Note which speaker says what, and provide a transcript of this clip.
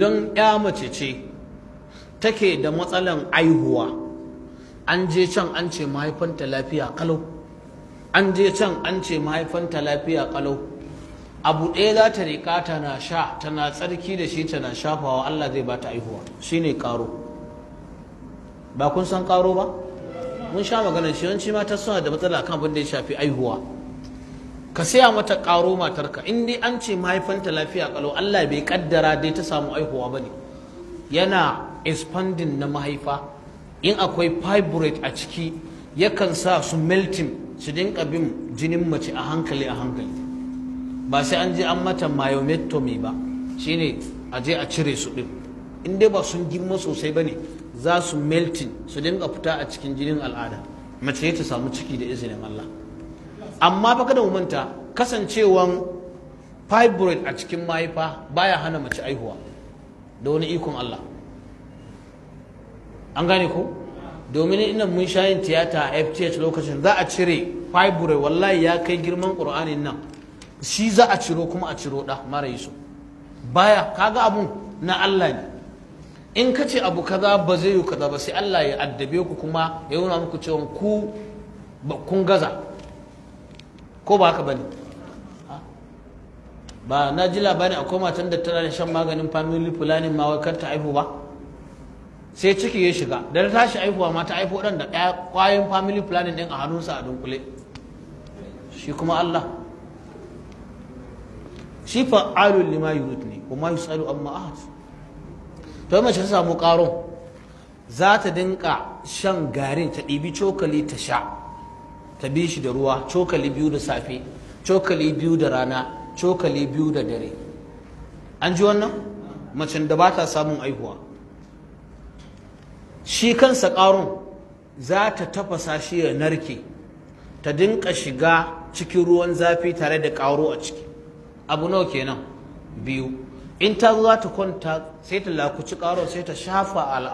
Speaker 1: don ya mace ce take da matsalan aihuwa an je can an ce mahaifanta lafiya kalau an je can an ce mahaifanta lafiya kalau abu ɗaya za ta riƙa tana sha tana tsarki da shi tana shafawa Allah zai ba ta aihuwa ne ƙaro ba kun san ƙaro ba mun sha maganar shi yawanci mata suna da matsala kan abin da ya shafi aihuwa ka siya mata karo matarka in dai an ce mahaifanta lafiya kalau Allah bai kaddara dai ta samu aihuwa ba ne yana expanding na mahaifa in akwai fibroid a ciki yakan sa su meltin su dinka bin jinin mace a hankali a hankali ba sai an je an mata myomectomy ba shine a je a cire su din in dai ba sun girma sosai ba ne za su meltin su dinka fita a cikin jinin al'ada mace ta samu ciki da izinin Allah amma fa kada mu manta kasancewan fibroid a cikin mahaifa baya hana mace aihuwa da wani ikon Allah an gane ku? domin ina mun sha yin tiyata a FTH lokacin za a cire fibroid wallahi ya kai girman Qur'anin nan shi za a ciro kuma a ciro da mara yiso baya kaga abun na Allah ne in ka ce abu kaza ba zai yi kaza ba sai Allah ya addabe ku kuma ya nuna muku cewa ku kun gaza ko ba haka bane ba na ji labarin koma matan da tana da shan maganin family planning ma wai ta haihu ba sai ciki ya shiga da ta shi haihuwa ma ta haihu dan da kwayoyin family planning din a hannunsa a dunkule shi kuma Allah shi alul lima yurid ne kuma yusalu amma ahad to mace ta samu karo za ta dinka shan garin ta ɗibi cokali ta sha ta bi shi da ruwa cokali biyu da safe cokali biyu da rana cokali biyu da dare an ji wannan macen da ba ta samun aihuwa shi kansa ƙarun za ta tafasa shi ya narke ta dinka shiga cikin ruwan zafi tare da ƙaro a ciki abu nawa kenan biyu in ta zo za ta kwanta sai ta lakuci ƙaro sai ta shafa al'a